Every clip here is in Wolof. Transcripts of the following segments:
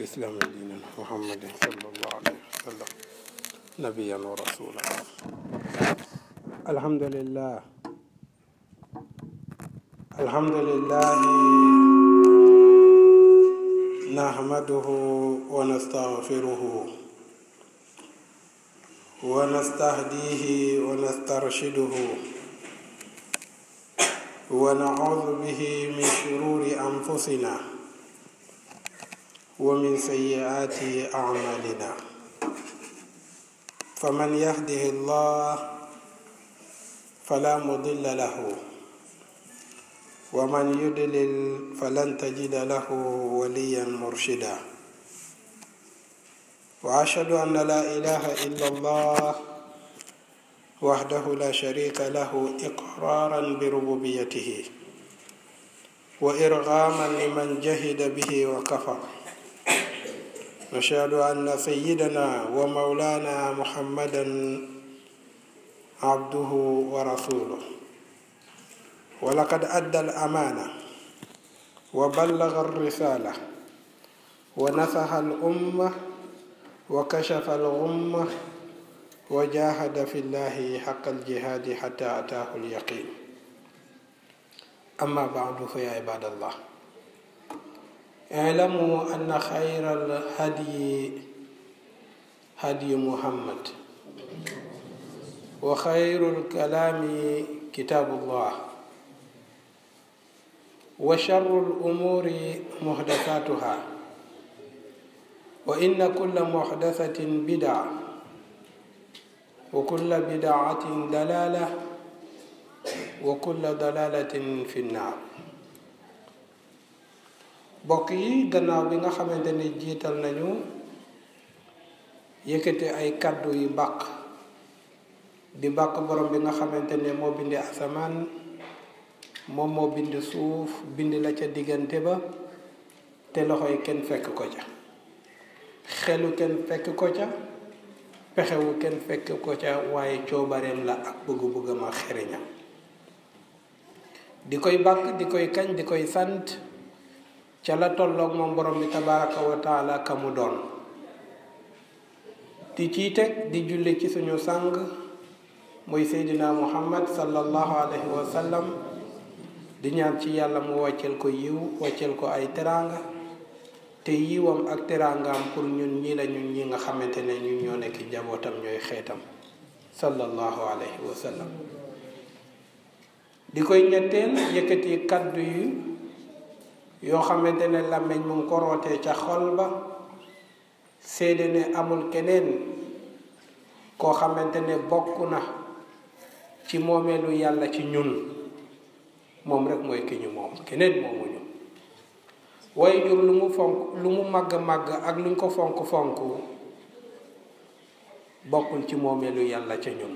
الإسلام دين محمد صلى الله عليه وسلم نبيا ورسولا الحمد لله الحمد لله نحمده ونستغفره ونستهديه ونسترشده ونعوذ به من شرور أنفسنا ومن سيئات أعمالنا فمن يهده الله فلا مضل له ومن يدلل فلن تجد له وليا مرشدا واشهد ان لا اله الا الله وحده لا شريك له اقرارا بربوبيته وارغاما لمن جهد به وكفر نشهد أن سيدنا ومولانا محمدا عبده ورسوله ولقد أدى الأمانة وبلغ الرسالة ونصح الأمة وكشف الغمة وجاهد في الله حق الجهاد حتى أتاه اليقين أما بعد فيا عباد الله اعلموا أن خير الهدي هدي محمد وخير الكلام كتاب الله وشر الأمور محدثاتها وإن كل محدثة بدعة وكل بدعة دلالة وكل دلالة في النار bokk yi gannaaw bi nga xamante ne jiital nañu yëkkati ay kàddu yu bàq di bàq borom bi nga xamante ne moo bindi asamaan moom moo bind suuf bind la ca diggante ba te loxoy kenn fekk ko ca xelu kenn fekk ko ca pexewu kenn fekk ko ca waaye coobareem la ak bëgg-bëggam xereñam di koy bàq di koy kañ di koy sant ca la tolloog moom borom bi tabaraka wa taala ka mu doon di ciy teg di julli ci suñu sàng muy sayidina muhammad salallahu alayhi wa sallam di ñaan ci yàlla mu waccel ko yiw waccel ko ay teranga te yiwam ak terangaam pour ñun ñii la ñun ñi nga xamante ne ñun ñoo nekk njabootam ñooy xeetam salallahu alayhi wa sallam di koy ñetteel yëkkati kaddu yu yoo xamante ne làmmiñ mu ngi ko rootee ca xol ba seede ne amul keneen koo xamante ne bokk na ci moomeelu yàlla ci ñun moom rek mooy ki ñu moom keneen moomuñu waaye jur lu mu fonk lu mu màgg màgg ak luñ ko fonk fonk bokkul ci moomeelu yàlla ci ñun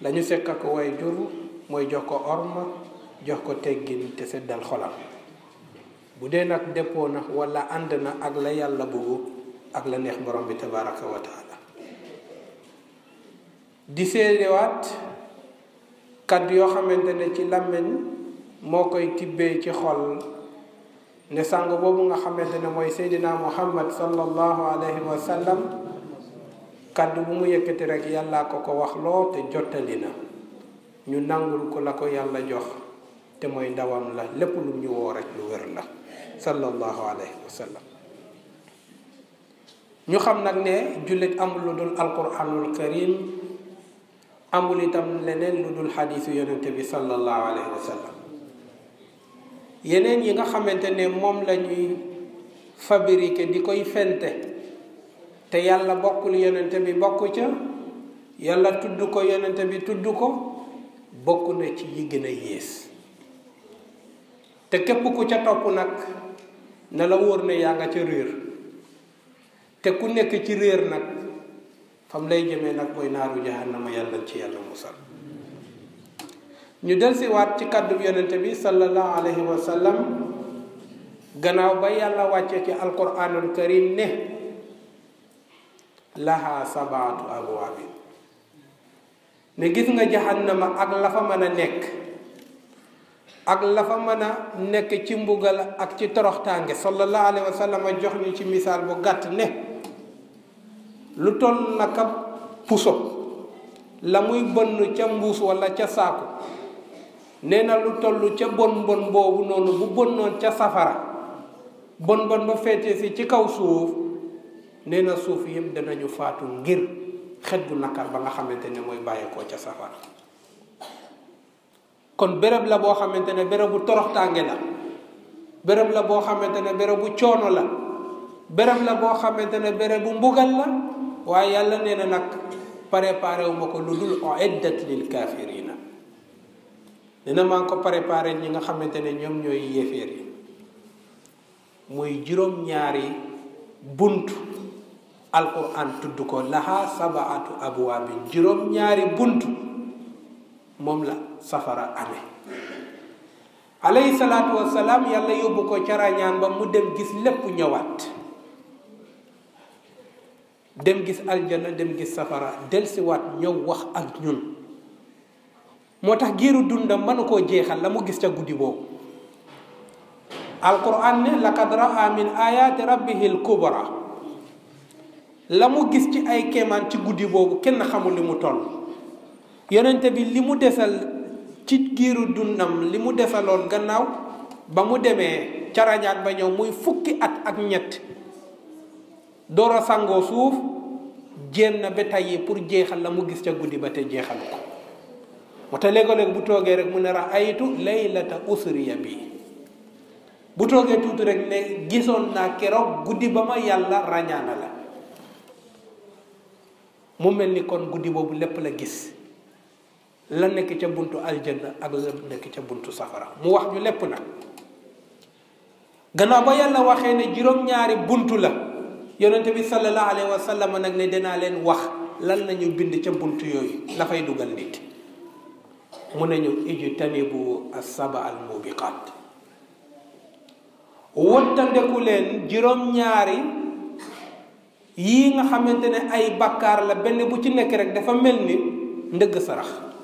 lañu fekk ak way jur mooy jox ko orma jox ko teggin te seddal xolam bu dee nag dëppoo na walla ànd na ak la yàlla bëggu ak la neex borom bi tabaraka wa di séedewaat kàddu yoo xamante ne ci làmmiñ moo koy tibbee ci xol ne sàng boobu nga xamante ne mooy seydina muhammad sallallahu alayhi wa sallam kàddu bu mu yëkkati rek yàllaa ko ko wax loo te jottali na ñu nangul ko la ko yàlla jox te mooy ndawam la lépp lu ñu woo rek lu wér la sallallahu الله عليه وسلم ñu xam nag ne jullit amul lu dul alquranul karim amul itam leneen lu dul xadiisu yonente bi sallallahu alayhi wa sallam yeneen yi nga xamante ne moom la ñuy fabriqué di koy fente te yàlla bokkul yonente bi bokk ca yàlla tudd ko yonente bi tudd ko bokk na ci yi gën a yées te képp ku ca topp nag na la wóor ne yaa nga ca réer te ku nekk ci réer nag fam lay jëmee nag koy naaru jahannama yàlla ci yàlla musal ñu delsiwaat ci kàddu yonente bi sallallahu alayhi wa gannaaw ba yàlla wàcce ci alquranul karim ne laha sabaatu abwaabin ne gis nga jahannama ak la fa mën a nekk ak la fa mën a nekk ci mbugal ak ci toroxtaange sallallahu alayhi wa sallam jox ñu ci misaal bu gàtt ne lu toll naka puso la muy bënn ca mbuus walla ca saaku nee na lu toll ca bon bon boobu noonu bu bonnoon ca safara bon bon ba feete si ci kaw suuf nee na suuf yëpp ñu faatu ngir xet bu nakar ba nga xamante ne mooy bàyyeekoo ca safara kon béréb la boo xamante ne bérébu toroxtaange la béréb la boo xamante ne bérébu coono la béréb la boo xamante ne bérébu mbugal la waaye yàlla nee na nag préparé wu ma ko lu dul uiddat lil kafirina dina na maa ngi ko préparé ñi nga xamante ne ñoom ñooy yéeféer yi muy juróom-ñaari bunt alquran tudd ko laha sabaatu abwaabin juróom-ñaari bunt moom la safara amee alayhi salaatu wasalaam yàlla yóbbu ko ca rañaan ba mu dem gis lépp ñëwaat dem gis aljana dem gis safara delsiwaat ñëw wax ak ñun moo tax giiru dundam mënu koo jeexal la mu gis ca guddi boobu alquran ne laqad raa min ayaati rabbihi lkubra la mu gis ci ay kéemaan ci guddi boobu kenn xamul li mu toll yonente bi li mu desal ci giiru dundam li mu defaloon gannaaw ba mu demee ca rañaan ba ñëw muy fukki at ak ñett doora sàngoo sangoo suuf jéem na ba tey pour jeexal la mu gis ca guddi ba te jeexal ko moo tax léeg-léeg bu toogee rek mu ne raaytu laylata usriya bi bu toogee tuuti rekk ne gisoon na keroog guddi ba ma yàlla rañaana la mu mel ni kon guddi boobu lépp la gis la nekk ca buntu aljanna ak la ca buntu safara mu wax ñu lépp nag gannaaw ba yàlla waxee ne juróom-ñaari buntu la yonente bi sallallahu alayhi wa sallam nag ni dinaa leen wax lan lañu bind ca buntu yooyu la fay dugal nit mu ne ñu ijtanibu as-saba al-mubiqat wattandeku leen juróom-ñaari yi nga xamante ne ay bakkaar la benn bu ci nekk rek dafa mel ni ndëgg sarax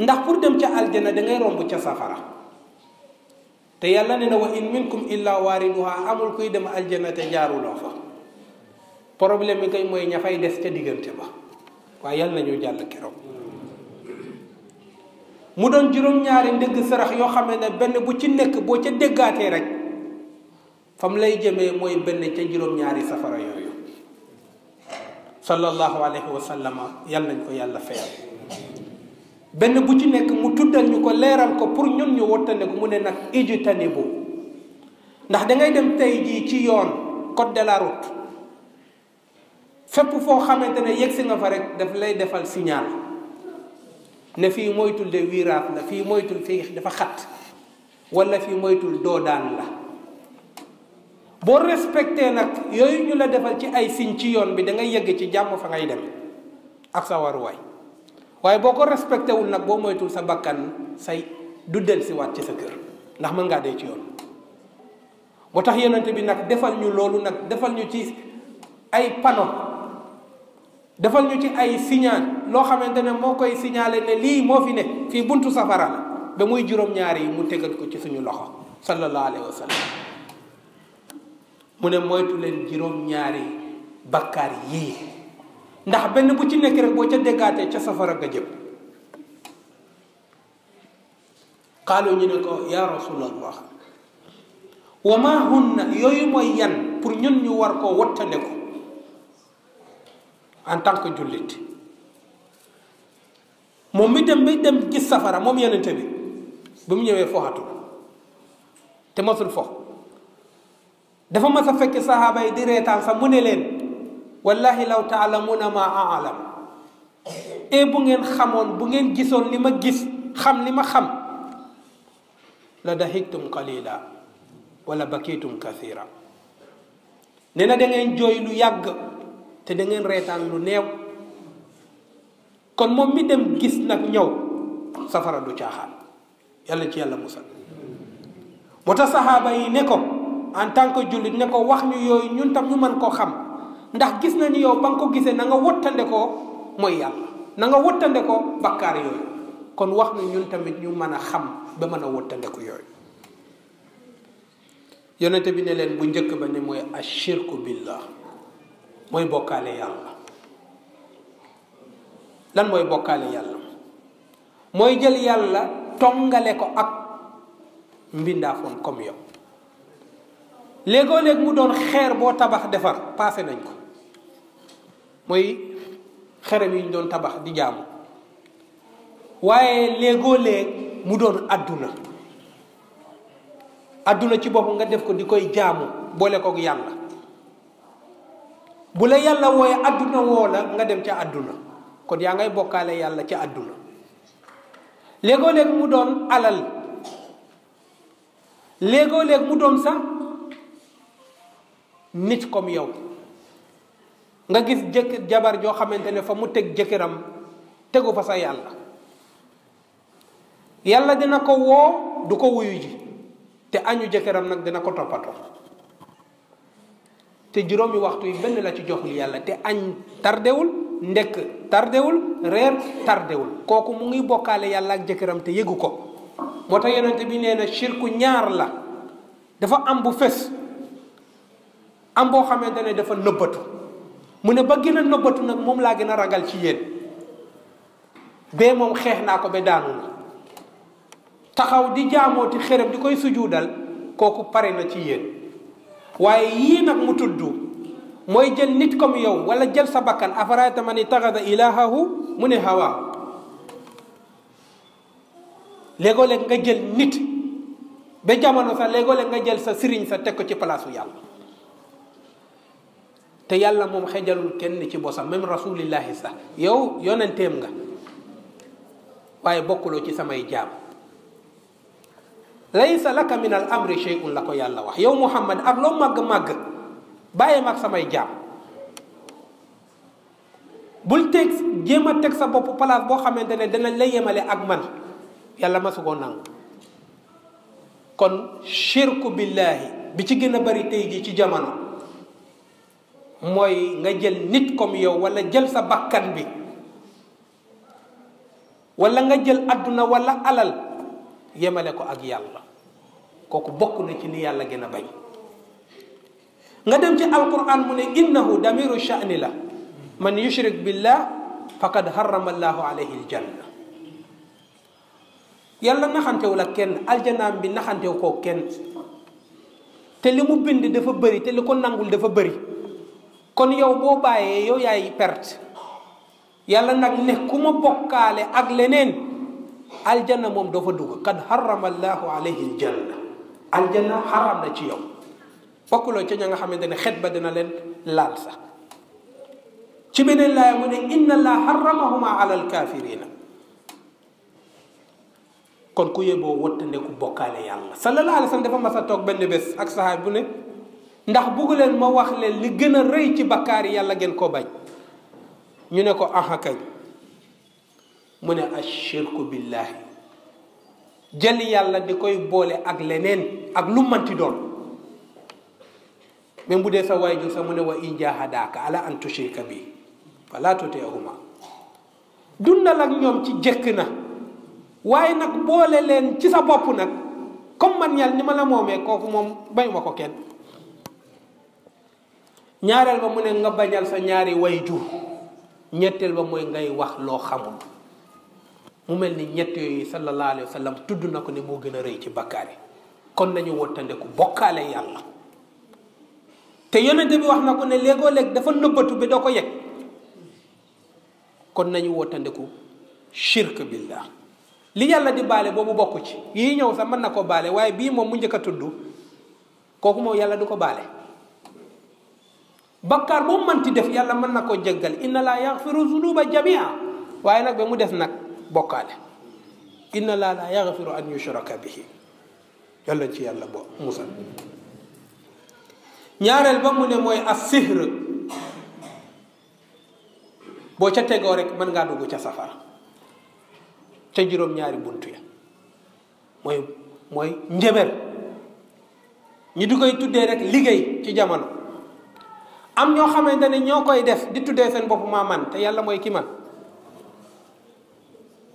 ndax pour dem ca aljana da ngay romb ca safara te yàlla ne na wa in minkum illa waariduha amul kuy dem aljana te jaaruloo fa problème bi kay mooy ña fay des ca diggante ba waaye yàlla na ñu jàll keroog mu doon juróom-ñaari ndëgg sarax yoo xam ne benn bu ci nekk boo ca déggaatee rek fam lay jëmee mooy benn ca juróom-ñaari safara yooyu sallallahu alayhi wa sallam yàlla nañ ko yàlla fayal benn bu ci nekk mu tuddal ñu ko leeral ko pour ñun ñu wattandiku mu ne nag ijtanibu ndax dangay dem tey jii ci yoon code de la fépp foo xamante ne yegsi nga fa rek daf lay defal signal ne fii moytul de wiiraaf la fii moytul fii dafa xat wala fii moytul doo daan la boo respecté nag yooyu ñu la defal ci ay signe ci yoon bi dangay ngay yegg ci jàmm fa ngay dem ak sa waruwaay waaye boo ko respecté wul nag boo moytul sa bakkan say du del si waat ci sa kër ndax mën ngaa dee ci yoon moo tax yonent bi nag defal ñu loolu nag defal ñu ci ay pano defal ñu ci ay signal loo xamante ne moo koy signalé ne lii moo fi ne fii buntu safara la ba muy juróom-ñaari mu tegal ko ci suñu loxo sallallahu alayhi wa mu ne moytu leen juróom-ñaari bakkaar yii ndax benn bu ci nekk rek boo ca déggaatee ca safara nga jëm xaalu ñu ne ko ya rasulallah wa ma hunna yooyu mooy yan pour ñun ñu war koo wattane ko en tant que jullit moom mi dem bi dem gis safara moom yenente bi bi mu ñëwee foxatu te masul fox dafa mas a fekk saxaaba yi di reetaan sax mu ne leen wallahi law taalamuuna maa aalam e eh, bu ngeen xamoon bu ngeen gisoon li ma gis xam li ma xam la dahiktum qalila wala bakitum kathira nee na da jooy lu yàgg te da ngeen reetaan lu neew kon moom mi dem gis nag ñëw safara du caaxaan yàlla ci yàlla musal moo tax saxaaba yi ne ko en tant que jullit ne ko wax ñu yooyu ñun tam ñu mën koo xam ndax gis nañu yow ba nga ko gisee nanga nga wottande mooy yàlla nanga nga bakkaar yooyu kon wax na ñun tamit ñu mën a xam ba mën a wottande ko yooyu yonente bi ne leen bu njëkk ba ne mooy ashirku billah mooy bokkaale yàlla lan mooy bokkaale yàlla mooy jël yàlla tongale ko ak mbindaafoon comme yow léegoo léeg mu doon xeer boo tabax defar paase nañ ko mooy xerem yi ñu doon tabax di jaamu waaye léegoo léeg mu doon àdduna àdduna ci bopp nga def ko di koy jaamu boole kook yàlla bu la yàlla wooye àdduna woo la nga dem ca àdduna kon yaa ngay bokkaale yàlla ca àdduna léegoo léeg mu doon alal léegoo léeg mu doon sax nit comme yow nga gis jëkk jabar joo xamante ne fa mu teg jëkkëram tegu fa sa yàlla yàlla dina ko woo du ko wuyu ji te añu jëkkëram nag dina ko toppatoo te juróomi waxtu yi benn la ci joxul yàlla te añ tardewul ndekk tardewul reer tardewul kooku mu ngi bokkaale yàlla ak jëkkëram te yëgu ko moo tax yonente bi nee na shirku ñaar la dafa am bu fes am boo xamante ne dafa nëbbatu mu ne ba gën a nëbbatu nag moom laa gën a ragal ci yéen bee moom xeex naa ko ba daanu na taxaw di jaamooti xërëm di koy sujuudal kooku pare na ci yéen waaye yii nag mu tudd mooy jël nit comme yow wala jël sa bakkan afarayta man itaxada ilahahu mu ne hawa léegoo-léeg nga jël nit ba jamono sax léegoo nga jël sa sëriñ sa teg ko ci palaasu yàlla te yàlla mom xejalul kenn ci bosam même rasulillah sax yow yonentem nga waye bokkuloo ci samay jaam laysa laka min al amri shay'un la yàlla wax yow muhammad ak lo mag mag baye mag samay jaam bul tek jema tek sa bop place bo xamantene dana danañ la yemale ak man yàlla masu ko nangu kon shirku billahi bi ci gëna bari tay ji ci jamono mooy nga jël nit comme yow wala jël sa bakkan bi wala nga jël àdduna wala alal yemale ko ak yàlla kooku bokk na ci ni yàlla gën a bañ nga dem ci alquran mu ne innahu damiru sha'ni la man yushrik billah faqad harrama allahu alayhi aljanna yàlla naxantewul ak kenn aljanaam bi naxantew koo kenn te li mu bind dafa bëri te li ko nangul dafa bari kon yow boo bàyyee yow yaay perte yàlla nag ne ku ma bokkaale ak leneen aljanna moom doo fa dugg kad harrama allahu alayhi aljanna aljanna haram na ci yow bokkuloo ca ña nga xamante ne xet ba dina leen laal sax ci beneen laaya mu ne inna allah harramahuma ala alkafirina kon ku yeboo wëttande ku bokkaale yàlla sallallahu alayhi wa sallam dafa mas a toog benn bés ak sahaab bu ne ndax bugg leen ma wax leen li gën a rëy ci bakkaar yàlla ngeen ko bañ ñu ne ko aha mu ne ashirku billahi jël yàlla di koy boole ak leneen ak lu manti doon même bu dee sa waay jur sax mu ne wa in jahadaaka ala an tushrika bi fala tuteehuma dundal ak ñoom ci jëkk na waaye nag boole leen ci sa bopp nag comme man yàlla ni ma la moomee kooku moom bañ ma ko kenn ñaareel ba mu ne nga bañal sa ñaari way jur ñetteel ba mooy ngay wax loo xamul mu mel ni ñett yooyu sallallahu alayhi wa tudd na ko ne moo gën a rëy ci bakkaar yi kon nañu wottandeku bokkaale yàlla te yonente bi wax na ko ne léegoo léeg dafa nëbbatu bi doo ko yëg kon nañu wottandeku shirk billah li yàlla di baale boobu bokku ci yii ñëw sax mën na ko baale waaye bii moom mu njëkk a tudd kooku moom yàlla du ko baale bakkaar boo manti def yàlla mën na koo jéggal inna laa yaxfiru zunuba jamia waaye nag ba mu des nag bokkaale inna laa laa yaxfiru an yushraka bihi yàlla ci yàlla bo musal ñaareel ba mu ne mooy as sihr boo ca tegoo rek mën ngaa dugg ca safara ca juróom ñaari bunt ya mooy mooy njëbër ñi di koy tuddee rek liggéey ci jamono am ñoo xamante ne ñoo koy def di tuddee seen bopp maa man te yàlla mooy ki man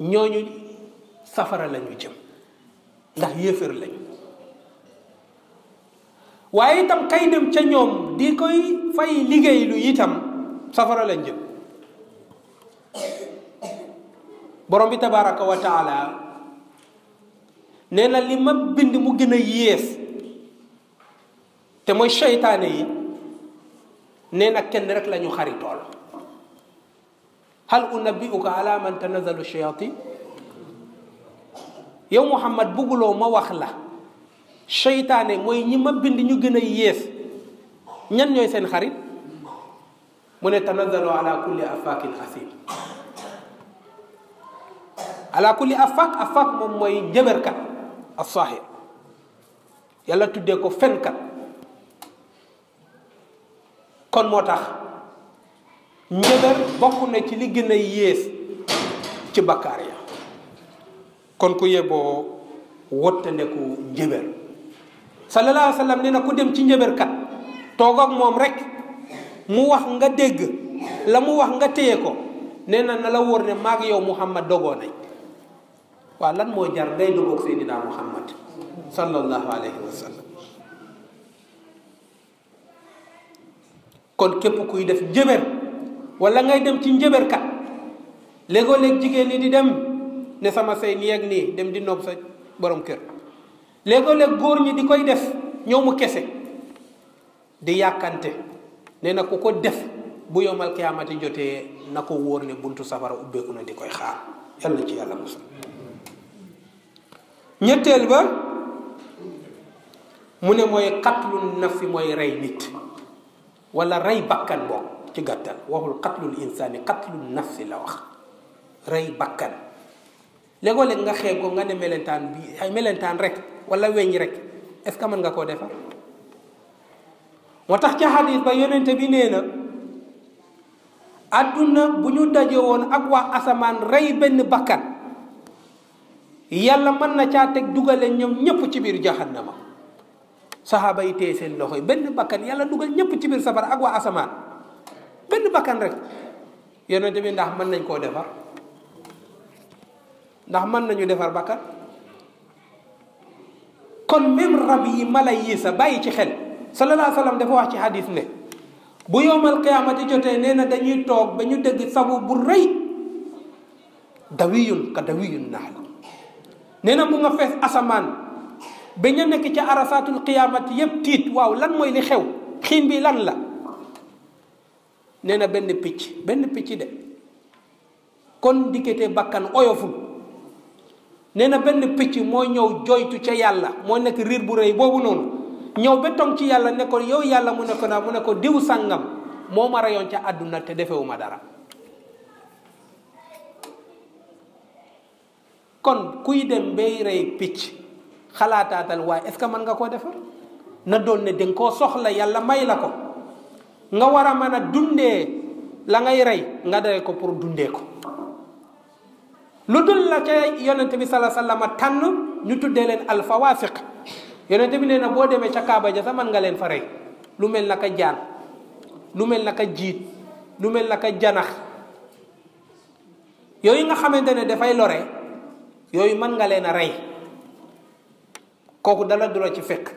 ñooñu safara lañu jëm ndax yéeféer lañu waaye itam kay dem ca ñoom di koy fay liggéey lu itam safara lañ jëm borom bi tabaraka wa nee na li ma bind mu gën a yées te mooy seytaane yi nee nag kenn rek la ñu xaritool hal unabbiuka ala man tanazalu shayatin yow Muhammad bugguloo ma wax la seytaane mooy ñi ma bind ñu gën a yées ñan ñooy seen xarit mu ne tanazalu ala kulli afakin asim ala kulli afak afak moom mooy jëbërkat as saaxir yàlla tuddee ko fenkat kon moo tax njëgër bokk na ci li gën a yées ci bakkaar ya kon ku yeboo wottandeku njëbër sallallahu alayhi wa sallam nee na ku dem ci njëbërkat toog ak moom rekk mu wax nga dégg la mu wax nga téye ko ne na na la wóor ne maag yow Muhammad dogoo nañ lan moo jar ngay dogoog Seydina Muhammad sallallahu alayhi wa sallam kon képp kuy def njëbër wala ngay dem ci njëbërkat léegoo léeg jigéen ñi di dem ne sama sëy nii ak nii dem di nopp sa borom kër léegoo léeg góor ñi di koy def ñëw kese di yàkkante ne na ku ko def bu yomal kiyaamati jotee na ko wóor ne buntu safara ubbeeku na di koy xaar yàlla ci yàlla musal ñetteel ba mu ne mooy xatlu nafsi mooy rey nit wala rey bakkan bokk ci gàttal waxul qatlul insaani qatlul nafsi la wax rey bakkan léegoo-léeg nga xeeb ko nga ne melentaan bi ay melentaan rek wala weñ rek est-ce que mën nga koo defar moo tax ca xadis ba yonente bi nee na adduna bu ñu daje woon ak waa asamaan rey benn bakkan yàlla mën na caa teg dugale ñoom ñëpp ci biir jahannama saxaaba yi téye seen loxo yi benn bakkan yàlla dugal ñëpp ci biir safara ak waa asamaan benn bakkan rek yonente deme ndax mën nañ koo defar ndax mën nañu defar bakkan kon même rab yi mala yi sa bàyyi ci xel sallallahu alayhi dafa wax ci hadis ne bu yowmal qiyaamati jotee nee na dañuy toog ba ñu dégg sabu bu rëy dawiyun ka dawiyun nax la nee na mu nga fees asamaan ba ñu nekk ca arafaatul qiyaamat yépp tiit waaw lan mooy li xew xiin bii lan la nee na benn picc benn picc de kon dikkatee bakkan oyoful nee na benn picc moo ñëw joytu ca yàlla moo nekk riir bu rëy boobu noonu ñëw ba tong ci yàlla ne yow yàlla mu ne ko naa mu ne ko diw sàngam moo ma rayoon ca àdduna te defewuma dara kon kuy dem bay rey picc xalaataatal waaye est-ce que mën nga koo defar na doon ne danga koo soxla yàlla may la ko nga war a mën a dundee la ngay rey nga dare ko pour dundee ko lu dul la ca yonent bi sala sallama tànn ñu tuddee leen alfawaasiq yonent bi nee na boo demee ca Kaaba ja sax mën nga leen fa rey lu mel na ka jaan lu mel na ka jiit lu mel na ka janax yooyu nga xamante ne dafay lore yooyu mën nga leen a rey kooku dala du ci fekk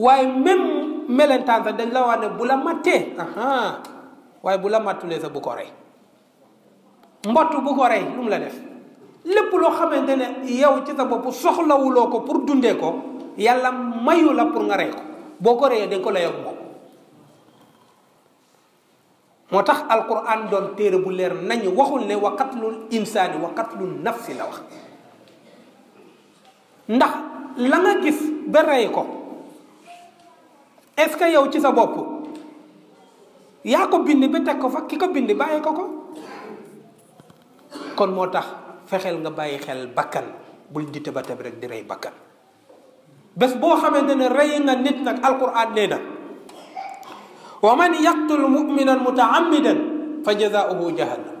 waaye même melentaan sax dañ la wax ne bu la mattee waaye bu la mattulee sax bu ko rey mbott bu ko rey lu mu la def lépp loo xamante ne yow ci sa bopp soxlawuloo ko pour dundee ko yàlla mayu la pour nga rey ko boo ko reyee dañ ko la yow moom moo tax alquran doon téere bu leer nañu waxul ne wa qatlul insaani wa qatlul nafsi la wax ndax la nga gis ba rey ko est-ce que yow ci sa bopp yaa ko bind ba teg ko fa ki ko bind bàyyi ko ko kon moo tax fexeel nga bàyyi xel bakkan bul di tëba tëb rek di rey bakkan bés boo xamante ne rey nga nit nag alquran nee na wa man yaqtul muminan mutaamidan fa jazaauhu jahannam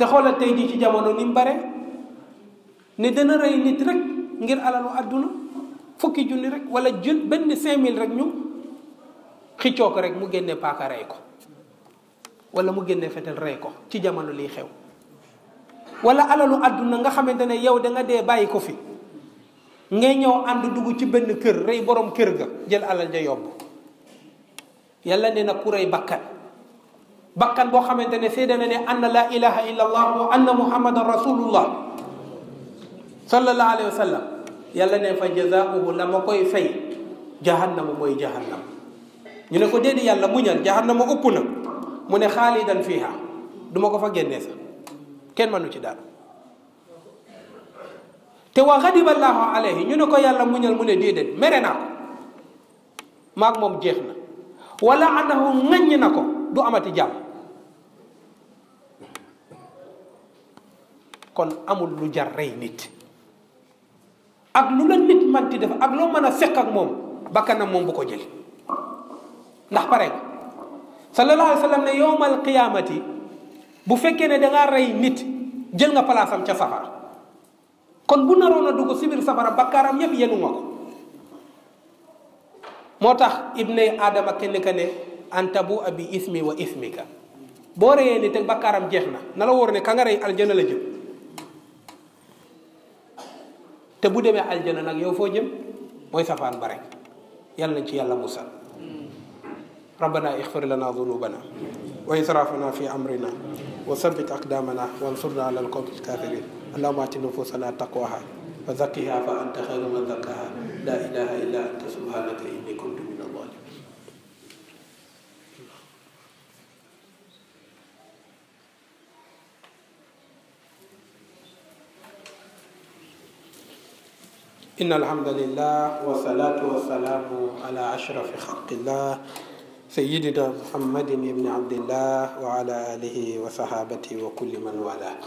te xoolal tey jii ci jamono ni mu bare ne dana rey nit rek ngir alalu aduna fukki junni rek wala jël ben 5000 rek ñu xiccoo ko rek mu génne paaka ray ko wala mu génne fetal ray ko ci jamono li xew wala alalu aduna nga xamantene yow da nga dé bayiko fi nga ñëw ànd dugg ci ben kër ray borom kër ga jël alal ja yóbbu yàlla né na ku ray bakkat bakkan bo xamantene ne seede ne anna la ilaha illa allah wa anna muhammadar rasulullah sallallahu alayhi wasallam yàlla ne fa jazaauhu la ma koy fay jahannama mooy jahannam ñu ne ko déedéet yàlla muñal jahannama ëpp na mu ne xaalidan fiha du ma ko fa génnee sax kenn mënu ci daal te wa xadiba allahu alayhi ñu ne ko yàlla muñal mu ne déedéet mere naa ko maag moom jeex na wala anahu ŋaññ na ko du amati jàmm kon amul lu jar rey nit ak lu la nit man di def ak loo mën a fekk ak moom bakkanam moom bu ko kiamati ndax pare sallallahu alayhi wa ne yowmal qiyamati bu fekkee ne da ngaa rey nit jël nga palaasam ca safara kon bu naroon safara yenu ibne adam kenn ka ne anta abi ismi wa ismika boo reyee nit ak bakkaaram jeex na na la wóor ne ka nga aljana la te bu demee aljana nag yow foo jëm mooy safaan bare rek yàlla ci yàlla musal rabbana ixfir lana dunubana wa israfana fi amrina wa sabbit aqdamana wansurna ala alqawmi alkafirin allahuma ati nufusana taqwaha wa zakkiha fa anta xayru man zakkaha la ilaha illa anta subhanaka inni إن الحمد لله والصلاة والسلام على أشرف خلق الله سيدنا محمد بن عبد الله وعلى آله وصحابته وكل من والاه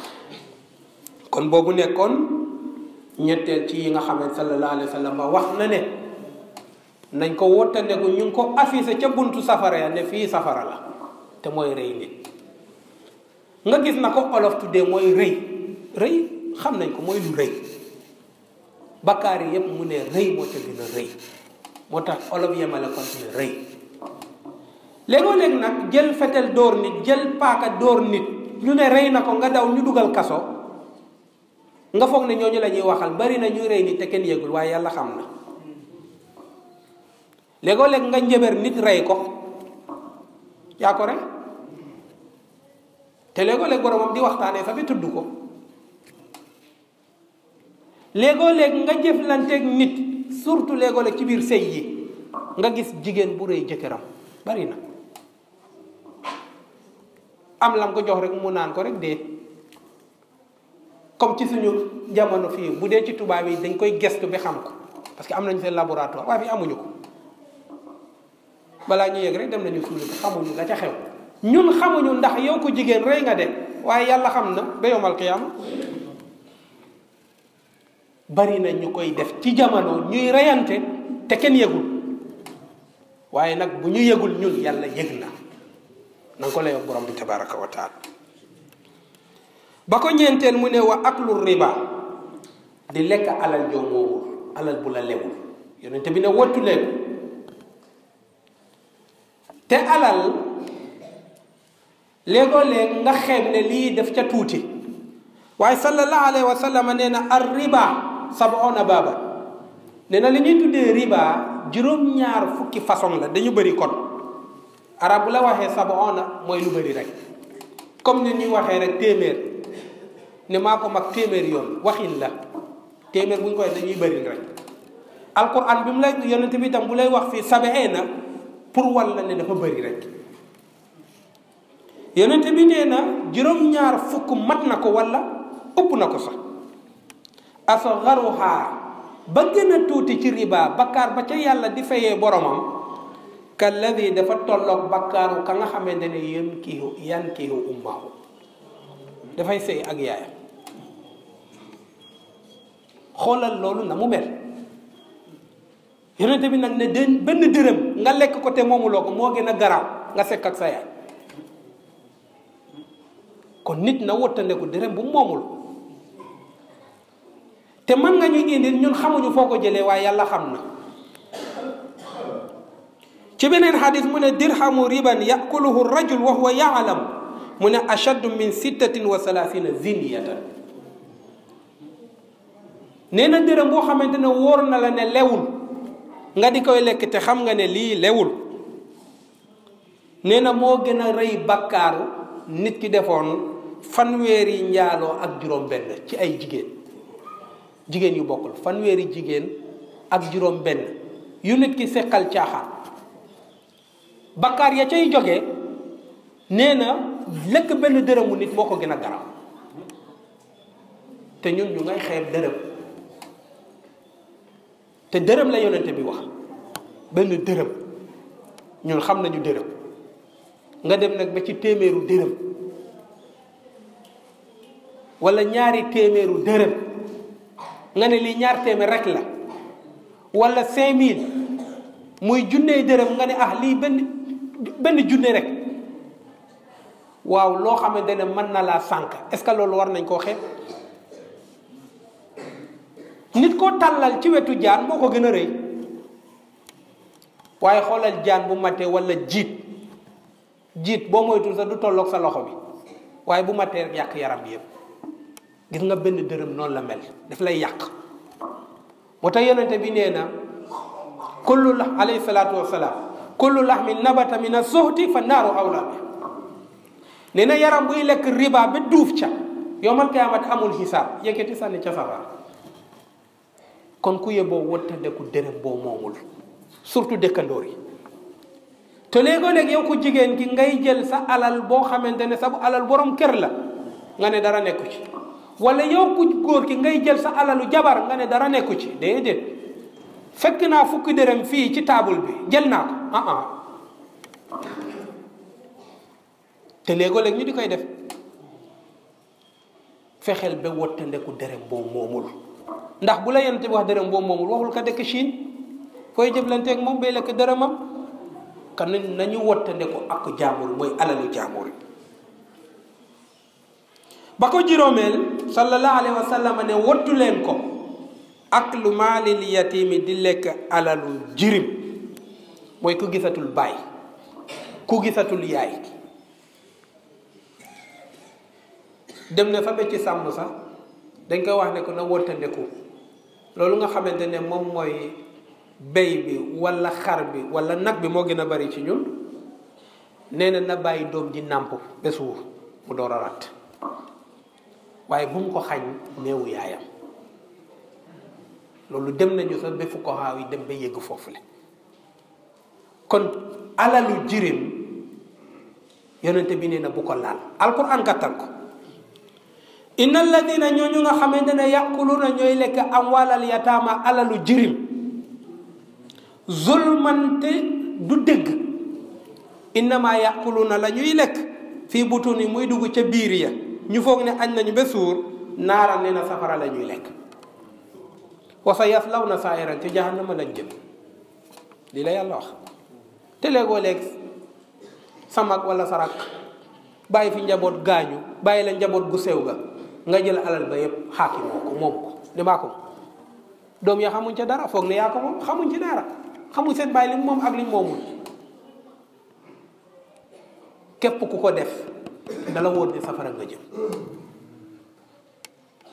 kon boobu nekkoon ñetteel ci yi nga xam ne sallallahu alayhi wa sallam wax na ne nañ ko wottandeku ñu ngi ko affiché ca buntu safara ya ne fii safara la te mooy rëy nit nga gis na ko olof tuddee moy rëy rëy xam nañ ko mooy lu rëy bakkaar yi yépp mu ne rëy moo ca gën rëy moo tax olof yemale kon ne rëy léegoo léeg nag jël fetel dóor nit jël paaka dóor nit ñu ne rëy na ko nga daw ñu dugal kaso nga foog ne ñooñu la ñuy waxal bari na ñuy rëy nit te kenn yëgul waaye yàlla xam na léegoo léeg nga njëbër nit rëy ko yaa ko rek te léegoo léeg boromam di waxtaanee fa bi tudd ko léegoo-léeg nga jëflanteeg nit surtout léegoo-léeg ci biir sëy yi nga gis jigéen bu rëy jëkkëram bari na am lam ko jox rek mu naan ko rek dee comme ci suñu jamono fii bu dee ci tubaab yi dañ koy gestu bi xam ko parce que am nañu seen laboratoire waaye fii amuñu ko balaa ñu yegg rek dem nañu suul ko xamuñu la ca xew ñun xamuñu ndax yow ko jigéen rëy nga de waaye yàlla xam na ba yomal qiyaama bari na ñu koy def ci jamono ñuy reyante te kenn yëgul waaye nag bu ñu yëgul ñun yàlla yëg na na ko layoo borom bi tabaraka wa taala ba ko ñeenteel mu ne wa aklu riba di lekk alal joo moomul alal bu la lewul yonente bi ne wattu leen te alal léegoo-léeg nga xeeb ne lii def ca tuuti waaye sallallahu alayhi wa sallam nee na ar riba saboona baaba ne na li ñuy tuddee riba juróom-ñaar fukki façon la dañu bëri kon arab bu la waxee saboona mooy lu bëri rek comme ni ñuy waxee rek téeméer ne maa ko mag téeméer yoon waxin la téeméer bu ñu koy dañuy bëri rek alquran bi mu lay yonent bi tam bu lay wax fii sabee na pour walla ne dafa bëri rek yonent bi nee na juróom-ñaar fukk mat na ko walla ëpp na ko sax asgaruha ba gën a tuuti ci riba bakkaar ba ca yàlla di fayee boromam kalladi dafa tolloog bakkaaru ka nga xamante ne yan kiihu yan kiihu ummahu dafay sëy ak yaayam xoolal loolu na mu mel yonente bi nag ne den benn dërëm nga lekk ko te moomuloo ko moo gën a garaaw nga sekk ak sa yaay kon nit na wottandeku dërëm bu moomul te mën nga ñuy indil ñun xamuñu foo ko jëlee waaye yàlla xam na ci beneen xadis mu ne dirhamu riban yakuluhu rajul wa huwa mu ne ashaddu min sittatin wa salaasina zinyatan nee na dërëm boo xamante ne wóor na la ne lewul nga di koy lekk te xam nga ne lii lewul nee na moo gën a rëy bakkaaru nit ki defoon fanweeri njaaloo ak juróom benn ci ay jigéen jigéen yu bokkul fanweeri jigéen ak juróom benn yu nit ki seqal caaxaan bakkaar ya cay joge nee na lekk benn dërëmu nit moo ko gën a garaaw te ñun ñu ngay xeeb dërëm te dërëm la yonente bi wax benn dërëm ñun xam nañu dërëm nga dem nag ba ci téeméeru dërëm wala ñaari téeméeru dërëm nga ne lii ñaar téeméer rek la wala 5000 muy junney dërëm nga ne ah lii benn benn junne rek waaw loo xam xamante ne mën na laa sànq est-ce que loolu war nañ koo xeeb nit koo tàllal ci wetu jaan moo ko gën a rëy waaye xoolal jaan bu matee walla jiit jiit boo moytul sax du tolloog sa loxo bi waaye bu matee rek yàq yaram bi yëpp gis nga benn dërëm noonu la mel daf lay yàq moo tax yonente bi nee na kullu la alayhi salaatu wasalaam kullu min nabata min azuhdi fa naaru awla bi nee na yaram buy lekk riba ba duuf ca yomal kiyamat amul xisaab yëkkati sànni ca safara kon ku yeboo wattandeku dërëm boo moomul surtout dëkkandoor yi te léegoo nag yow ku jigéen gi ngay jël sa alal boo xamante ne sa alal borom kër la nga ne dara nekku ci wala yow ku góor ki ngay jël sa alalu jabar nga ne dara nekku ci déedéet fekk naa fukki dërëm fii ci taabul bi jël naa ko ah ah te léegoo-léeg ñu di koy def fexeel ba wottandeku dërëm boobu moomul ndax bu la yent bi wax dërëm boobu moomul waxul ka dëkk Chine koy jëflanteeg moom bay lekk dërëmam kan nañu wottandeku ak jaamur mooy alalu jaamur yi ba ko juróomeel sallallahu alayhi wa ne wattu ko ak lu maalil yatimi di lekk alalul jirim mooy ku gisatul baay ku gisatul yaay dem na fa ba ci sàmm sax dañ koy wax ne ko na wottandeku loolu nga xamante ne moom mooy béy bi walla xar bi walla nag bi moo gën a bari ci ñun nee na na bàyyi doom ji nàmp bés mu door a rat waaye bu mu ko xañ néewu yaayam loolu dem nañu sax ba fuqahaa yi dem ba yëgg foofu la kon alalu jirim yonente bi nee na bu ko laal alquran gàttal ko inna alladina ñooñu nga xamante ne na ñooy lekk amwaalal yataama alalu jirim zulmante du dëgg innama yàquluuna la ñuy lekk fii butuni muy dugg ca biir ya ñu foog ne añ nañu ba suur naaral nee na safara la ñuy lekk wasa yaslaw na saayiran ci jahannama lañ jëm lii la yàlla wax te léegoo léeg sa mag wala sa rakk bàyyi fi njaboot gaañu bàyyi la njaboot gu sew ga nga jël alal ba yépp xaaki moo ko moom ko ne maa ko doom ya xamuñ ca dara foog ne yaa ko moom xamuñ ci dara xamuñ seen bàyyi li moom ak li moomul képp ku ko def dala wóor ne safara nga jëm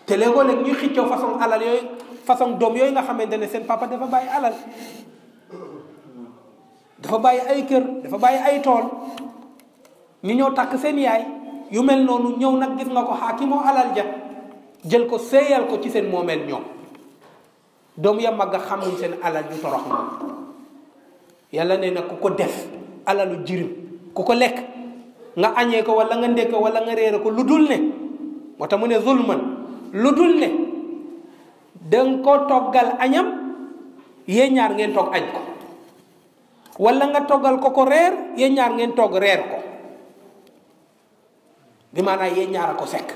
te léegoo léeg ñuy xiccoo façon alal yooyu façon doom yooyu nga xamante ne seen papa dafa bàyyi alal dafa bàyyi ay kër dafa bàyyi ay tool ñu ñëw takk seen yaay yu mel noonu ñëw nag gis nga ko xaakimoo alal ja jël ko seeyal ko ci seen moomeel ñoom doom ya mag a xamuñ seen alal ju torox moom yàlla nee na ku ko def alalu jirim ku ko lekk nga añee ko wala nga ndékk wala nga réere ko lu dul ne moo tax mu ne zulman lu dul ne danga ko toggal añam yéen ñaar ngeen togg añ ko walla nga toggal ko ko reer yéen ñaar ngeen togg reer ko bi maanaam yéen ñaar a ko sekk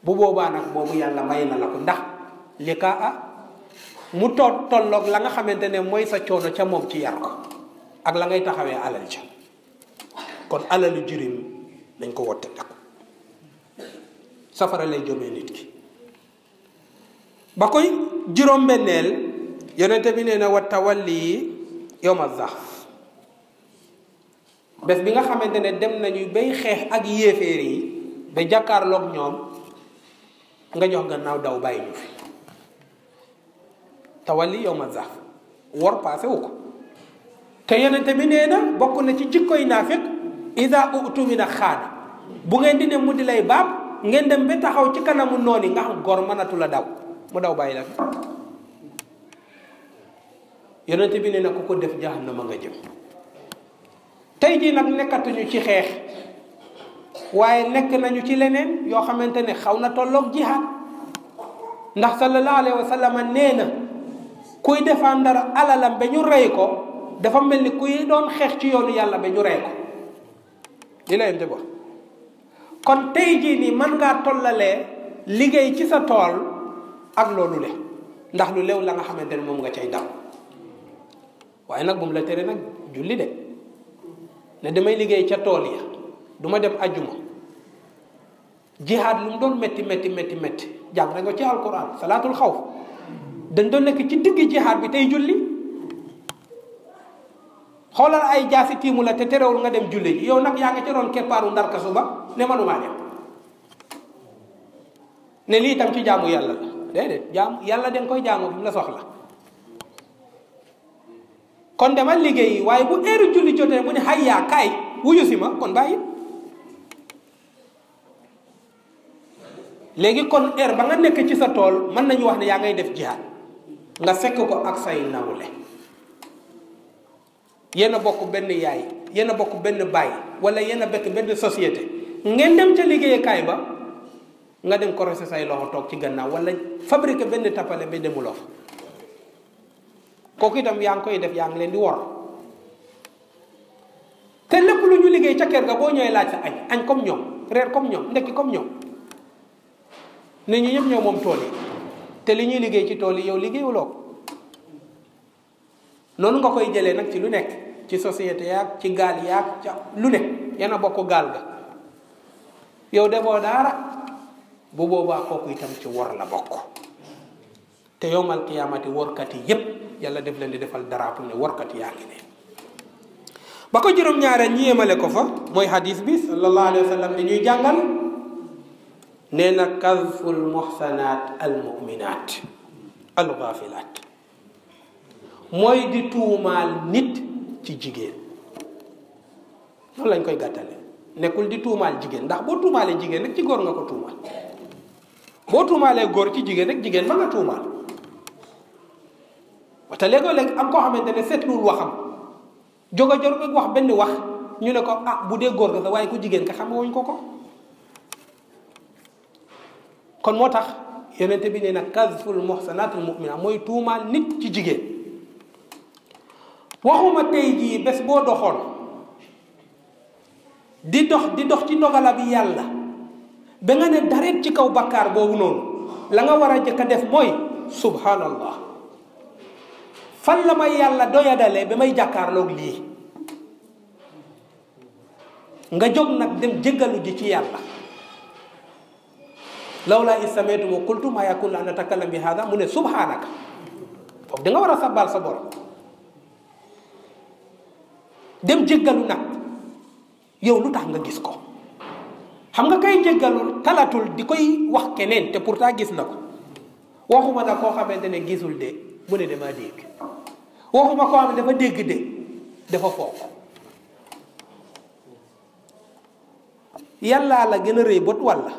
bu boobaa nag boobu yàlla may na la ko ndax li kaa ah mu toog tolloog la nga xamante ne mooy sa coono ca moom ci yar ko ak la ngay taxawee alal ca kon alalu jirim dañ ko wotte takku safara lay jome nit ki ba koy juróom benneel yonente bi nee na wa tawalli yowma zahf bés bi nga xamante ne dem nañu bay xeex ak yéeféer yi ba jàkkaarloog ñoom nga jox gannaaw daw bàyyi ñu fi tawalli yowma zahf war paase wu ko te yonente bi nee na bokk na ci jikkoy naafik ida utumina xaada bu ngeen di ne mu di lay baam ngeen dem ba taxaw ci kanamu noon yi nga xam góor mënatu la daw mu daw bàyyi la fi yonent bi ne na ku ko def jahannama nga jëm tey jii nag nekkatuñu ci xeex waaye nekk nañu ci leneen yoo xamante ne xaw na tolloog jihaad ndax sallallahu alayhi wa sallam nee na kuy défendre alalam ba ñu rey ko dafa mel ni kuy doon xeex ci yoonu yàlla ba ñu rey ko li leen di kon tey jii nii mën ngaa tollalee liggéey ci sa tool ak loolu le ndax lu lew la nga xamante ne moom nga cay daw waaye nag moom la tere nag julli de ne damay liggéey ca tool ya du ma dem ajjuma jihaad lu mu doon metti metti metti métti jàng nañ ko ci alquran salaatul xawf dañ doon nekk ci digg jihaad bi tey julli xoolal ay jaasi tiimu la te terewul nga dem julli ji yow nag yaa ngi ca doon keppaaru ndarkasu ba ne manumaa dem ne lii tam ci jaamu yàlla la déedéet jaamu yàlla danga koy jaamu fi mu la soxla kon demal liggéeyi waaye bu heure jotee mu ne hayya kaay wuyu si ma kon bàyyi léegi kon heure ba nga nekk ci sa tool mën nañu wax ne yaa ngay def jihaad nga fekk ko ak say nawle yenn a bokk benn yaay yenn a bokk benn baay wala yenn a bekk benn société ngeen dem ca liggéeyukaay ba nga dem korosé say loxo toog ci gannaaw wala fabriqué benn tappale ba demuloo fa kooku itam yaa ngi koy def yaa ngi leen di wor te lépp lu ñu liggéey ca ker nga boo ñëwee laaj sa añ añ comme ñoom reer comme ñoom ndekki comme ñoom nit ñi ñëpp ñoo moom tool yi te li ñuy liggéey ci tool yi yow liggéeyuloo ko noonu nga koy jëlee nag ci lu nekk ci société yaag ci gaal yaag ca lu ne yéen a bokk gaal ga yow defoo daara bu boobaa kooku tam ci wor la bokk te yowmal qiyaamati workat yi yépp yàlla def leen di defal daraapu ne workat yaa ngi ne ba ko juróom-ñaareel ñi yemale ko fa mooy hadis bi sallallahu alayhi wa sallam jàngal nee na kazful muhsanaat al muminaat al gaafilaat mooy di tuumaal nit ci jigéen noonu lañ koy gàttale nekkul di tuumaal jigéen ndax boo tuumaalee jigéen rek ci góor nga ko tuumaal boo tuumaalee góor ci jigéen rek jigéen ma nga tuumaal wate léegoo-léeg am koo xamante ne seetluwul waxam jóg a jor wax benn wax ñu ne ko ah bu dee góor nga sax waaye ku jigéen ka xam wuñ ko ko kon moo tax yonente bi nee na kazful muhsanatul mu'mina mooy tuumaal nit ci jigéen waxuma tey jii bés boo doxoon di dox di dox ci ndogala bi yàlla ba nga ne daret ci kaw bakkaar boobu noonu la nga def subhanallah fan la may yàlla doyadale ba may ngajog lii nga jóg nag dem jéggalu ji ci yàlla lawla istameetumu qultu ma yakun an atakallam bi hada mu subhanaka foofu di nga war sabbal sa borom dem jéggalu nag yow lu tax nga gis ko xam nga kay jéggalu talatul di koy wax keneen te pourtant gis na ko waxuma nag koo xamante ne gisul de mu ne damaa dégg waxuma koo xam ne dafa dégg de dafa foog yàllaa la gën a rëy bët walla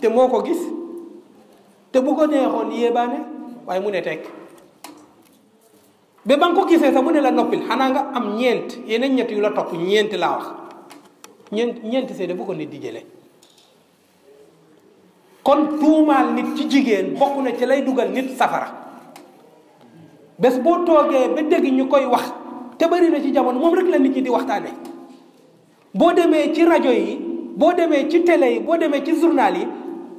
te moo ko gis te bu ko neexoon yéebaane waaye mu ne tekk ba ba nga ko gisee sax mu ne la noppil xanaa nga am ñeent yeneen ñett yu la topp ñeenti laa wax ñeent ñeenti seede bu ko nit di jëlee kon tuumaal nit ci jigéen bokk na ci lay dugal nit safara bés boo toogee ba dégg ñu koy wax te bari na ci jamono moom rek la nit ñi di waxtaane boo demee ci rajo yi boo demee ci télé yi boo demee ci journal yi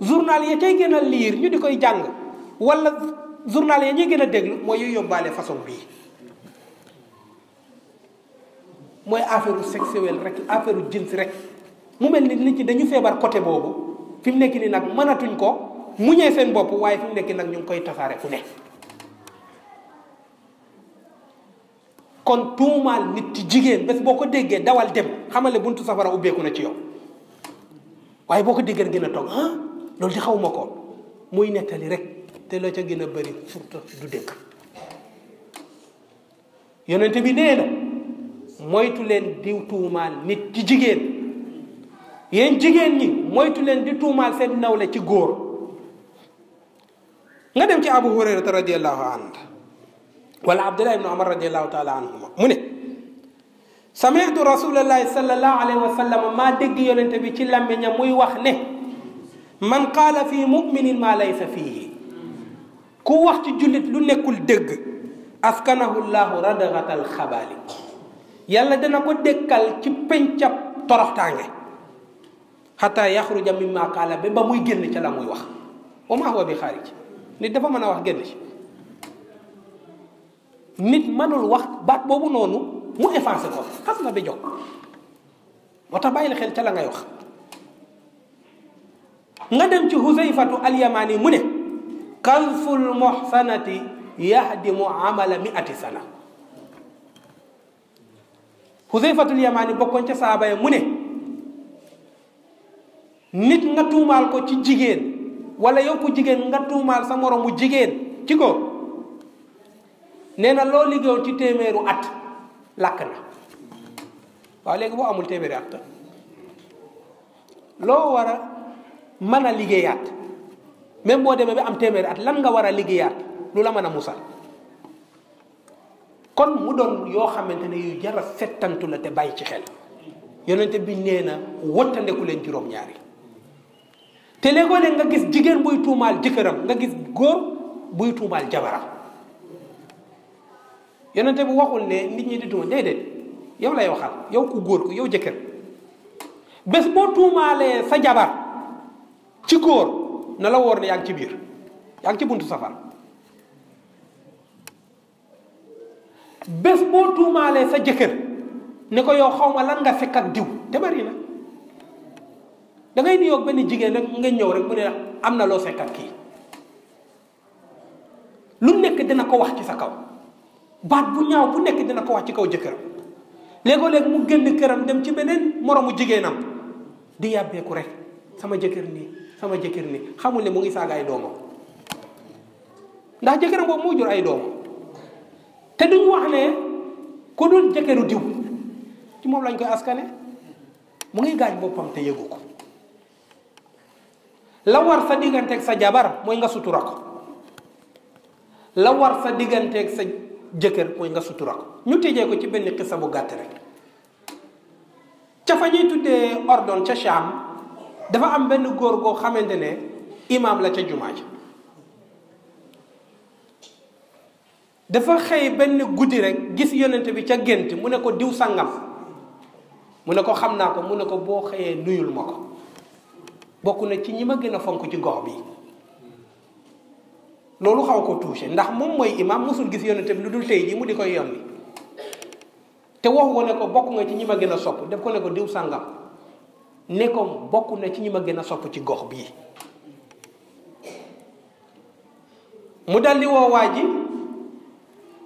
journal yi cay gën a liir ñu di koy jàng wala journal yi ñi gëna dégg moy yu yobale façon bi moy affaire sexuelle rek affaire jins rek mu mel ni nit ñi dañu feebar côté boobu fi mu nekk ni nag manatuñ ko muñee seen bopp waaye fi mu nekk nag ñu ngi koy tafaré fu ne kon tuumaal nit ci jigéen bés boo ko déggee dawal dem xamale buntu safara ubbeeku na ci yow waaye boo ko déggee gën a toog ah loolu di xaw ma ko muy nettali rek te la ca gën a bëri furta du dëkk yonente bi nee na moytu leen di tuumaal nit ci jigéen yéen jigéen ñi moytu leen di tuumaal seen nawle ci góor nga dem ci abu hurairata radiallahu anhu wala abdullah ibn umar radiallahu taala anhuma mu ne سمعت رسول الله صلى الله عليه وسلم ما دق يونت بي تي لامي موي واخ نه من قال في مؤمن ما ليس فيه ku wax ci jullit lu nekkul dëgg askanahu llahu radagatal xabaali yàlla dana ko dekkal ci pencab toroxtaange xata yaxruja mimma qaala ba ba muy génn ca la muy wax wa ma huwa bi xaarij nit dafa mën a wax génn ci nit mënul wax baat boobu noonu mu effacé ko xas nga ba jóg moo tax bàyyi la xel ca la ngay wax nga dem ci husayfatu alyamaani mu ne kalful muhsanati yahdimu amala miati sana Huzayfatul Yamaani bokkoon ca saaba ya mu ne nit nga tuumaal ko ci jigéen wala yow jigéen nga tuumaal sa moroomu jigéen ci ko nee na loo liggéeyoon ci téeméeru at lakk na waaw léegi boo amul téeméeri at loo wara a mën a liggéeyaat même boo demee ba am téeméeri at lan nga war a liggéeyaat lu la mën a musal kon mu doon yoo xamante ne yu jar settantu la te bàyyi ci xel yonente bi nee na wattandeku leen juróom-ñaari te léegoo-léeg nga gis jigéen buy tuumaal jëkkëram nga gis góor buy tuumaal jabaram yonente bi waxul ne nit ñi di tuuma déedéet yow lay waxal yow ku góor ko yow jëkkër bés boo tuumaalee sa jabar ci góor na la wóor ne yaa ci biir yaa ngi ci buntu safar bés boo tuumaalee sa jëkkër ne ko yow xaw ma lan nga fekk ak diw te bari na da ngay nuyoog benn jigéen rek nga ñëw rek mu ne am na loo fekk ak kii lu nekk dina ko wax ci sa kaw baat bu ñaaw bu nekk dina ko wax ci kaw jëkkëram ko léeg mu génn këram dem ci beneen moroomu jigéenam di yàbbeeku rek sama jëkkër nii sama jëkkër ni xamul mu ngi saaga ay doomam ndax jëkkëram moo jur ay doomam te duñ jëkkëru diw ci moom lañ koy askane mu ngi gaañ boppam te yëgu ko la war sa digganteeg sa jabar mooy nga sutura ko la war sa digganteeg sa jëkkër mooy nga sutura ko ñu téjee ko ci benn xisa bu gàtt rek cafa ñuy tuddee ordon ca Cham dafa am benn góor goo xamante ne imaam la ca jumaa ja dafa xëy benn guddi rek gis yonent bi ca gént mu ne ko diw sangam mu ne ko xam naa ko mu ne ko boo xëyee nuyul ma ko bokk na ci ñi ma gën a fonk ci gox bi loolu xaw ko touché ndax moom mooy imaam mosul gis yonent bi lu dul tey ji mu di koy yombi te waxu ko ne ko bokk nga ci ñi ma gën a sopp def ko ne ko diw sangam ne ko bokk na ci ñi ma gën a sopp ci gox bii mu daldi woo waa ji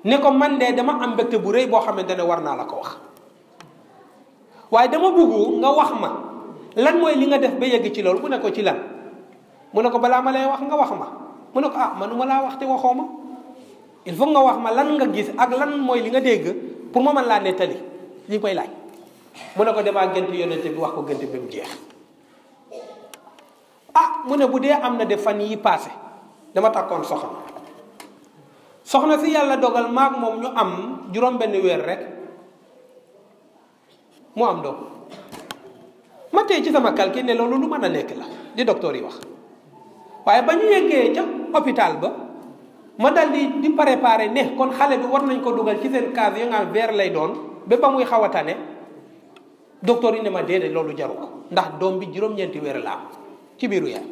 ne ko man de dama am mbëkk bu rëy boo xam ne war naa la ko wax waaye dama bëgg nga wax ma lan mooy li nga def ba yegg ci loolu mu nekkoo ci lan mu ne ko balaa ma lay wax nga wax ma mu ne ko ah manuma laa wax te waxoo ma il faut nga wax ma lan nga gis ak lan mooy li nga dégg pour ma mën laa nettali li koy laaj mu ne ko damaa gént yonent bi wax ko gént bi mu jeex ah mu ne bu dee am na de fan yi passé dama takkoon soxna soxna si yàlla dogal maag moom ñu am juróom benn weer rek mu am doom ma tey ci sama calcul ne loolu lu mën a nekk la di docteur yi wax waaye ba ñu yeggee ca hôpital ba ma dal di di préparé ne kon xale bi war nañ ko dugal ci seen case yi ya nga am weer lay doon ba ba muy xaw a tane docteur yi ne ma déedéet loolu jaru ko ndax doom bi juróom-ñeenti weer la am ci biiru yaay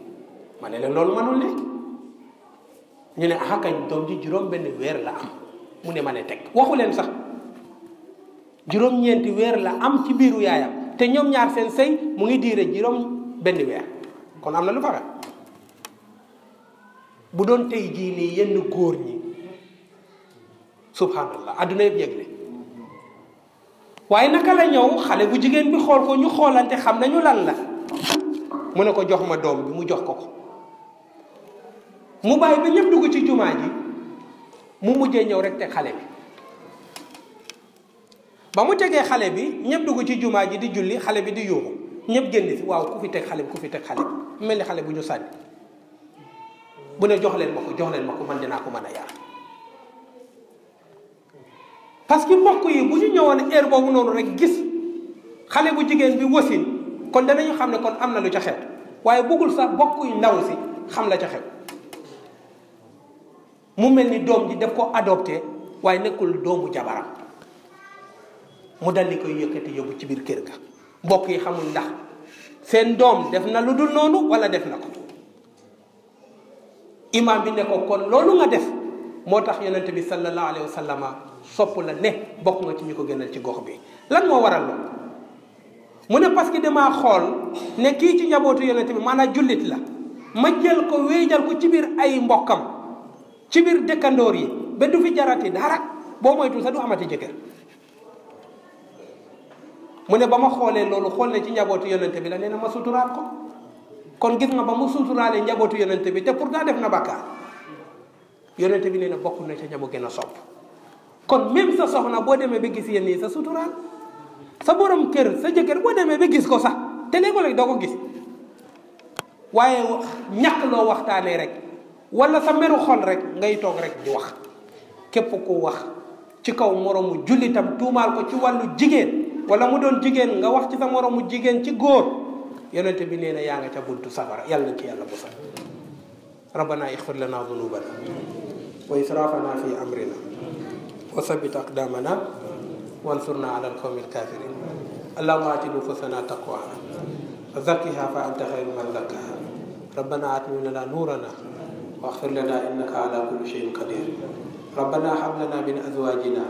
ma ne leen loolu manul ne ñu ne ah kañ doom ji juróom-benn weer la am mu ne ma ne teg waxu leen sax juróom weer la am ci biiru yaayam te ñoom ñaar seen sëy mu ngi diire juróom-benn weer kon am na lu faxe bu doon tey jii nii yenn góor ñi subhanallah adduna yëpp yëg ne waaye naka la ñëw xale bu jigéen bi xool ko ñu xoolante xam nañu lan la mu ne ko jox ma doom bi mu jox ko ko mu bàyyi ba dugg ci jumaa mu mujjee ñëw rek teg xale bi ba mu tegee xale bi ñëpp dugg ci jumaa ji di julli xale bi di yuuxu ñëpp génn fi waaw ku fi teg xale bi ku fi teg xale bi mel ni xale bu ñu sànni mu ne jox leen ma ko jox leen ma ko man dinaa ko mën a yar parce que mbokk yi bu ñu ñëwoon heure boobu noonu rek gis xale bu jigéen bi wasin kon danañu xam ne kon am na lu ca xew waaye bëggul sax mbokk yi ndaw si xam la ca xew mu mel ni doom ji def ko adopté waaye nekkul doomu jabaram mu dal di koy yëkkati yóbbu ci biir kër ga mbokk yi xamul ndax seen doom def na lu dul noonu wala def na ko imaam bi ne ko kon loolu nga def moo tax yonente bi sallallahu alayhi wa sallama sopp la ne bokk nga ci ñu ko génnal ci gox bi lan moo waral loolu mu ne parce que damaa xool ne kii ci njabootu yonent bi maanaam jullit la ma jël ko wéejal ko ci biir ay mbokkam ci biir dëkkandoor yi ba du fi jarati dara boo moytu sax du amati jëkkër mu ne ba ma xoolee loolu xool ne ci njabootu yonent bi la nee na ma suturaal ko kon gis nga ba mu suturaalee njabootu yonent bi te pour pourtant def na bàkkaar yonent bi nee na bokk na ca ñamu gën a sopp kon même sa soxna boo demee ba gis yéen nii sa suturaal sa borom kër sa jëkkër boo demee ba gis ko sax te léegoo-léeg doo ko gis waaye ñàkk loo waxtaanee rek wala sa meru xol rek ngay toog rek di wax képp ku wax ci kaw moroom moromu jullitam tuumaal ko ci wàllu jigéen wala mu doon jigéen nga wax ci sa moromu jigéen ci góor yonente bi nee na yaa nga ca buntu safara yàlla ci yàlla bu sax rabbana ixfir lana dunubana wa israfana fi amrina وثبت أقدامنا وانصرنا على القوم الكافرين اللهم آت نفوسنا تقواها وزكها فأنت خير من زكاها ربنا آتنا لنا نورنا واغفر لنا إنك على كل شيء قدير ربنا هب لنا من أزواجنا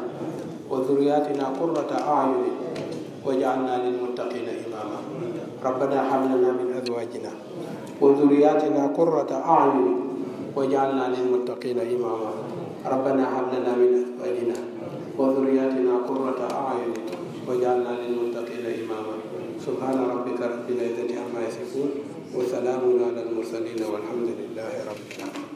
وذرياتنا قرة أعين واجعلنا للمتقين إماما ربنا هب لنا من أزواجنا وذرياتنا قرة أعين واجعلنا للمتقين إماما ربنا هب لنا من أزواجنا وذرياتنا قرة أعين واجعلنا للمتقين إماما سبحان ربك رب العزة عما يصفون وسلام على المرسلين والحمد لله رب العالمين